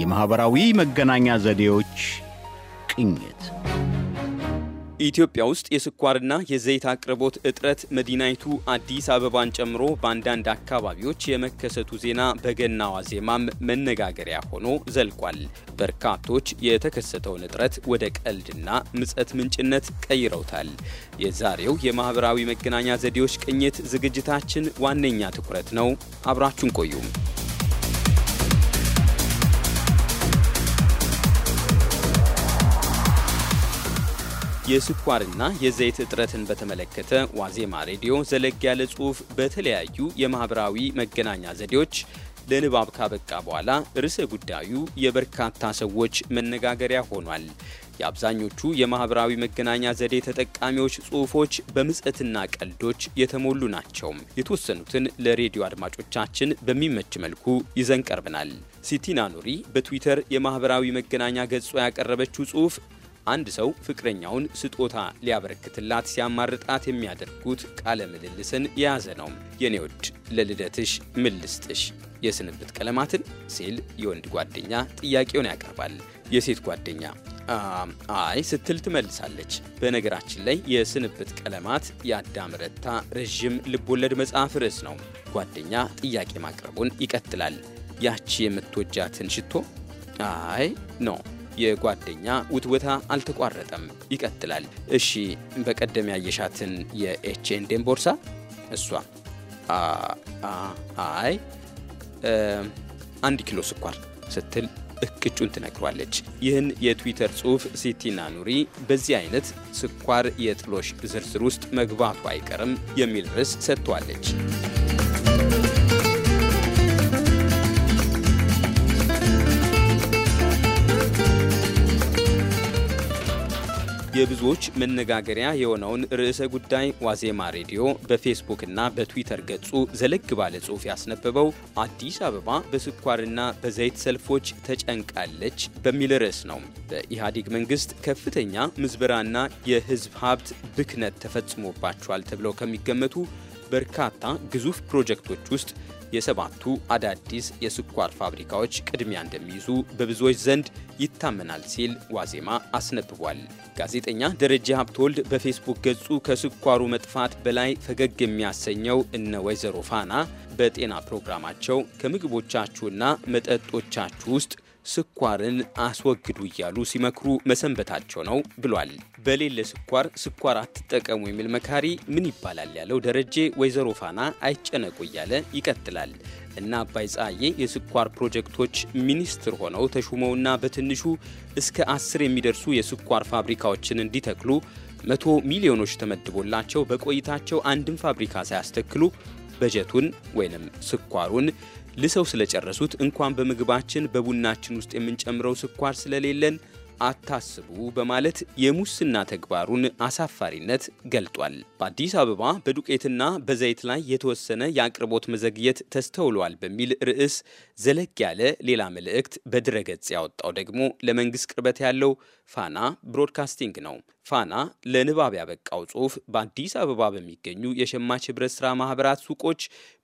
የማኅበራዊ መገናኛ ዘዴዎች ቅኝት ኢትዮጵያ ውስጥ የስኳርና የዘይት አቅርቦት እጥረት መዲናይቱ አዲስ አበባን ጨምሮ በአንዳንድ አካባቢዎች የመከሰቱ ዜና በገና ዋዜማም መነጋገሪያ ሆኖ ዘልቋል። በርካቶች የተከሰተውን እጥረት ወደ ቀልድና ምጸት ምንጭነት ቀይረውታል። የዛሬው የማኅበራዊ መገናኛ ዘዴዎች ቅኝት ዝግጅታችን ዋነኛ ትኩረት ነው። አብራችሁን ቆዩም የስኳርና የዘይት እጥረትን በተመለከተ ዋዜማ ሬዲዮ ዘለግ ያለ ጽሑፍ በተለያዩ የማኅበራዊ መገናኛ ዘዴዎች ለንባብ ካበቃ በኋላ ርዕሰ ጉዳዩ የበርካታ ሰዎች መነጋገሪያ ሆኗል። የአብዛኞቹ የማኅበራዊ መገናኛ ዘዴ ተጠቃሚዎች ጽሑፎች በምጸትና ቀልዶች የተሞሉ ናቸው። የተወሰኑትን ለሬዲዮ አድማጮቻችን በሚመች መልኩ ይዘን ቀርበናል። ሲቲና ኑሪ በትዊተር የማኅበራዊ መገናኛ ገጿ ያቀረበችው ጽሑፍ አንድ ሰው ፍቅረኛውን ስጦታ ሊያበረክትላት ሲያማርጣት የሚያደርጉት ቃለ ምልልስን የያዘ ነው። የኔ ውድ ለልደትሽ ምልስጥሽ የስንብት ቀለማትን ሲል የወንድ ጓደኛ ጥያቄውን ያቀርባል። የሴት ጓደኛ አይ ስትል ትመልሳለች። በነገራችን ላይ የስንብት ቀለማት የአዳም ረታ ረዥም ልቦለድ መጽሐፍ ርዕስ ነው። ጓደኛ ጥያቄ ማቅረቡን ይቀጥላል። ያቺ የምትወጃትን ሽቶ አይ ነው የጓደኛ ውትወታ አልተቋረጠም፣ ይቀጥላል። እሺ፣ በቀደም ያየሻትን የኤችኤንዴም ቦርሳ እሷ አይ አንድ ኪሎ ስኳር ስትል እቅጩን ትነግሯለች። ይህን የትዊተር ጽሑፍ ሲቲና ኑሪ በዚህ አይነት ስኳር የጥሎሽ ዝርዝር ውስጥ መግባቱ አይቀርም የሚል ርዕስ ሰጥቷለች። የብዙዎች መነጋገሪያ የሆነውን ርዕሰ ጉዳይ ዋዜማ ሬዲዮ በፌስቡክና በትዊተር ገጹ ዘለግ ባለ ጽሑፍ ያስነበበው አዲስ አበባ በስኳርና በዘይት ሰልፎች ተጨንቃለች በሚል ርዕስ ነው። በኢህአዴግ መንግስት ከፍተኛ ምዝበራና የህዝብ ሀብት ብክነት ተፈጽሞባቸዋል ተብለው ከሚገመቱ በርካታ ግዙፍ ፕሮጀክቶች ውስጥ የሰባቱ አዳዲስ የስኳር ፋብሪካዎች ቅድሚያ እንደሚይዙ በብዙዎች ዘንድ ይታመናል ሲል ዋዜማ አስነብቧል። ጋዜጠኛ ደረጀ ሀብተወልድ በፌስቡክ ገጹ ከስኳሩ መጥፋት በላይ ፈገግ የሚያሰኘው እነ ወይዘሮ ፋና በጤና ፕሮግራማቸው ከምግቦቻችሁና መጠጦቻችሁ ውስጥ ስኳርን አስወግዱ እያሉ ሲመክሩ መሰንበታቸው ነው ብሏል። በሌለ ስኳር ስኳር አትጠቀሙ የሚል መካሪ ምን ይባላል ያለው ደረጄ ወይዘሮ ፋና አይጨነቁ እያለ ይቀጥላል። እና አባይ ጸሐዬ የስኳር ፕሮጀክቶች ሚኒስትር ሆነው ተሹመውና በትንሹ እስከ አስር የሚደርሱ የስኳር ፋብሪካዎችን እንዲተክሉ መቶ ሚሊዮኖች ተመድቦላቸው በቆይታቸው አንድም ፋብሪካ ሳያስተክሉ በጀቱን ወይንም ስኳሩን ልሰው ስለጨረሱት እንኳን በምግባችን በቡናችን ውስጥ የምንጨምረው ስኳር ስለሌለን አታስቡ በማለት የሙስና ተግባሩን አሳፋሪነት ገልጧል። በአዲስ አበባ በዱቄትና በዘይት ላይ የተወሰነ የአቅርቦት መዘግየት ተስተውሏል በሚል ርዕስ ዘለግ ያለ ሌላ መልእክት በድረገጽ ያወጣው ደግሞ ለመንግስት ቅርበት ያለው ፋና ብሮድካስቲንግ ነው። ፋና ለንባብ ያበቃው ጽሁፍ በአዲስ አበባ በሚገኙ የሸማች ህብረት ስራ ማህበራት ሱቆች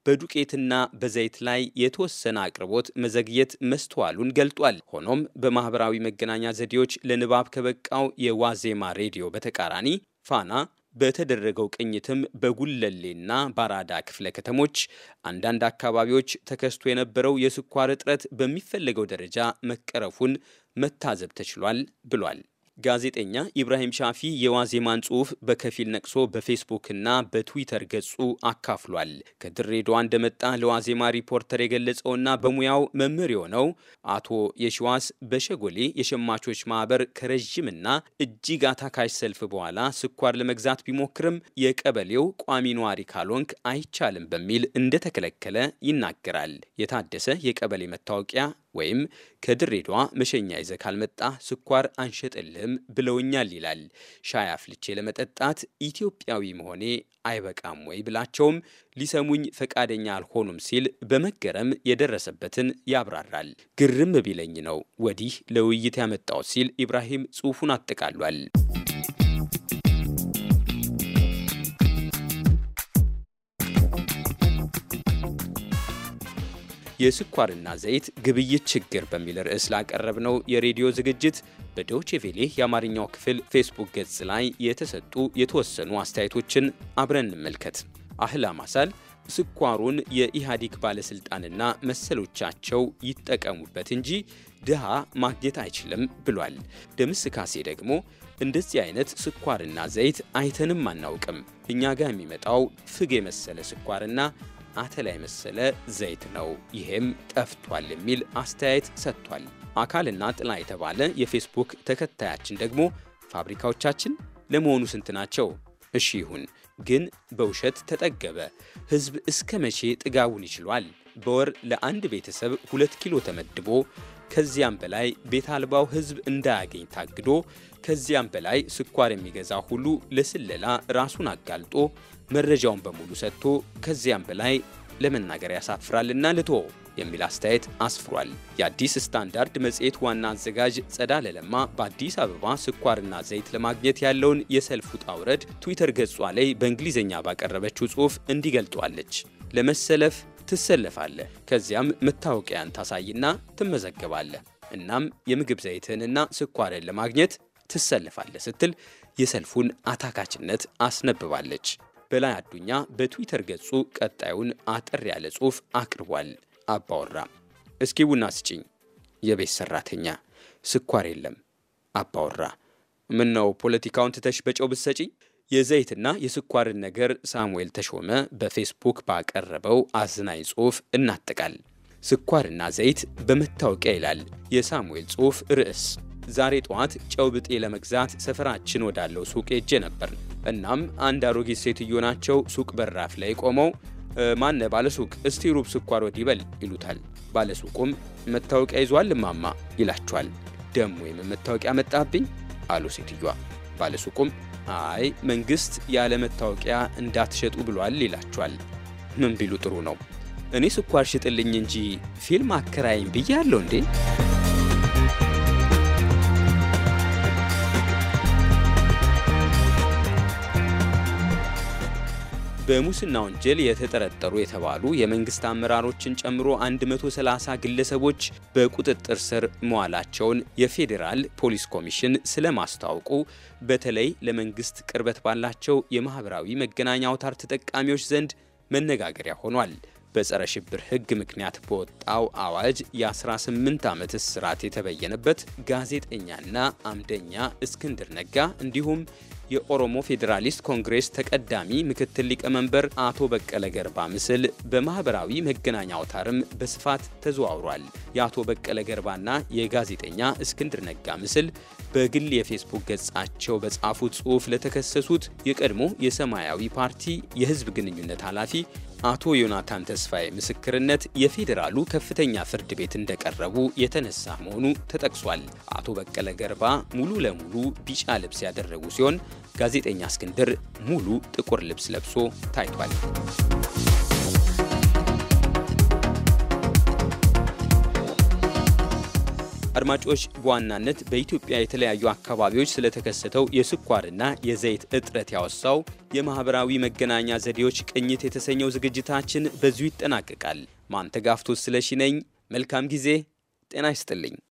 በዱቄትና በዘይት ላይ የተወሰነ አቅርቦት መዘግየት መስተዋሉን ገልጧል። ሆኖም በማህበራዊ መገናኛ ዘዴዎች ለንባብ ከበቃው የዋዜማ ሬዲዮ በተቃራኒ ፋና በተደረገው ቅኝትም በጉለሌና ባራዳ ክፍለ ከተሞች አንዳንድ አካባቢዎች ተከስቶ የነበረው የስኳር እጥረት በሚፈለገው ደረጃ መቀረፉን መታዘብ ተችሏል ብሏል። ጋዜጠኛ ኢብራሂም ሻፊ የዋዜማን ጽሁፍ በከፊል ነቅሶ በፌስቡክና በትዊተር ገጹ አካፍሏል። ከድሬዳዋ እንደመጣ ለዋዜማ ሪፖርተር የገለጸውና በሙያው መምህር የሆነው አቶ የሺዋስ በሸጎሌ የሸማቾች ማህበር ከረዥምና እጅግ አታካሽ ሰልፍ በኋላ ስኳር ለመግዛት ቢሞክርም የቀበሌው ቋሚ ነዋሪ ካልሆንክ አይቻልም በሚል እንደተከለከለ ይናገራል። የታደሰ የቀበሌ መታወቂያ ወይም ከድሬዳዋ መሸኛ ይዘ ካልመጣ ስኳር አንሸጥልህም ብለውኛል ይላል። ሻይ አፍልቼ ለመጠጣት ኢትዮጵያዊ መሆኔ አይበቃም ወይ ብላቸውም ሊሰሙኝ ፈቃደኛ አልሆኑም ሲል በመገረም የደረሰበትን ያብራራል። ግርም ቢለኝ ነው ወዲህ ለውይይት ያመጣው ሲል ኢብራሂም ጽሑፉን አጠቃሏል። የስኳርና ዘይት ግብይት ችግር በሚል ርዕስ ላቀረብነው የሬዲዮ ዝግጅት በዶቼ ቬሌ የአማርኛው ክፍል ፌስቡክ ገጽ ላይ የተሰጡ የተወሰኑ አስተያየቶችን አብረን እንመልከት። አህላ ማሳል ስኳሩን የኢህአዴግ ባለሥልጣንና መሰሎቻቸው ይጠቀሙበት እንጂ ድሃ ማግኘት አይችልም ብሏል። ደምስ ካሴ ደግሞ እንደዚህ አይነት ስኳርና ዘይት አይተንም አናውቅም። እኛ ጋር የሚመጣው ፍግ የመሰለ ስኳርና አተላይ መሰለ ዘይት ነው፣ ይሄም ጠፍቷል የሚል አስተያየት ሰጥቷል። አካልና ጥላ የተባለ የፌስቡክ ተከታያችን ደግሞ ፋብሪካዎቻችን ለመሆኑ ስንት ናቸው? እሺ ይሁን፣ ግን በውሸት ተጠገበ። ህዝብ እስከ መቼ ጥጋቡን ይችሏል? በወር ለአንድ ቤተሰብ ሁለት ኪሎ ተመድቦ ከዚያም በላይ ቤት አልባው ህዝብ እንዳያገኝ ታግዶ ከዚያም በላይ ስኳር የሚገዛ ሁሉ ለስለላ ራሱን አጋልጦ መረጃውን በሙሉ ሰጥቶ ከዚያም በላይ ለመናገር ያሳፍራልና ልቶ የሚል አስተያየት አስፍሯል። የአዲስ ስታንዳርድ መጽሔት ዋና አዘጋጅ ጸዳለ ለማ በአዲስ አበባ ስኳርና ዘይት ለማግኘት ያለውን የሰልፍ ውጣ ውረድ ትዊተር ገጿ ላይ በእንግሊዝኛ ባቀረበችው ጽሑፍ እንዲገልጧለች። ለመሰለፍ ትሰለፋለህ፣ ከዚያም መታወቂያን ታሳይና ትመዘገባለህ። እናም የምግብ ዘይትህንና ስኳርን ለማግኘት ትሰልፋለህ ስትል የሰልፉን አታካችነት አስነብባለች። በላይ አዱኛ በትዊተር ገጹ ቀጣዩን አጠር ያለ ጽሑፍ አቅርቧል። አባወራ እስኪ ቡና ስጭኝ። የቤት ሰራተኛ ስኳር የለም። አባወራ ነው ፖለቲካውን ትተሽ በጨው ብትሰጪኝ? የዘይትና የስኳርን ነገር ሳሙኤል ተሾመ በፌስቡክ ባቀረበው አዝናኝ ጽሑፍ እናጠቃል። ስኳርና ዘይት በመታወቂያ ይላል የሳሙኤል ጽሑፍ ርዕስ። ዛሬ ጠዋት ጨው ብጤ ለመግዛት ሰፈራችን ወዳለው ሱቅ ሄጄ ነበር። እናም አንድ አሮጊት ሴትዮ ናቸው ሱቅ በራፍ ላይ ቆመው ማነ ባለሱቅ እስቲ ሩብ ስኳር ወዲ በል ይሉታል። ባለሱቁም መታወቂያ ይዟል ማማ ይላቸዋል። ደም ወይም መታወቂያ መጣብኝ አሉ ሴትዮዋ። ባለሱቁም አይ መንግስት ያለ መታወቂያ እንዳትሸጡ ብሏል ይላቸዋል። ምን ቢሉ ጥሩ ነው? እኔ ስኳር ሽጥልኝ እንጂ ፊልም አከራይኝ ብያለሁ እንዴ? በሙስና ወንጀል የተጠረጠሩ የተባሉ የመንግስት አመራሮችን ጨምሮ 130 ግለሰቦች በቁጥጥር ስር መዋላቸውን የፌዴራል ፖሊስ ኮሚሽን ስለማስታወቁ በተለይ ለመንግስት ቅርበት ባላቸው የማህበራዊ መገናኛ አውታር ተጠቃሚዎች ዘንድ መነጋገሪያ ሆኗል። በጸረ ሽብር ሕግ ምክንያት በወጣው አዋጅ የ18 ዓመት እስራት የተበየነበት ጋዜጠኛና አምደኛ እስክንድር ነጋ እንዲሁም የኦሮሞ ፌዴራሊስት ኮንግሬስ ተቀዳሚ ምክትል ሊቀመንበር አቶ በቀለ ገርባ ምስል በማህበራዊ መገናኛ አውታርም በስፋት ተዘዋውሯል። የአቶ በቀለ ገርባና የጋዜጠኛ እስክንድር ነጋ ምስል በግል የፌስቡክ ገጻቸው በጻፉት ጽሑፍ ለተከሰሱት የቀድሞ የሰማያዊ ፓርቲ የህዝብ ግንኙነት ኃላፊ አቶ ዮናታን ተስፋዬ ምስክርነት የፌዴራሉ ከፍተኛ ፍርድ ቤት እንደቀረቡ የተነሳ መሆኑ ተጠቅሷል። አቶ በቀለ ገርባ ሙሉ ለሙሉ ቢጫ ልብስ ያደረጉ ሲሆን ጋዜጠኛ እስክንድር ሙሉ ጥቁር ልብስ ለብሶ ታይቷል። አድማጮች፣ በዋናነት በኢትዮጵያ የተለያዩ አካባቢዎች ስለተከሰተው የስኳርና የዘይት እጥረት ያወሳው የማህበራዊ መገናኛ ዘዴዎች ቅኝት የተሰኘው ዝግጅታችን በዚሁ ይጠናቀቃል። ማንተጋፍቶ ስለሺ ነኝ። መልካም ጊዜ። ጤና ይስጥልኝ።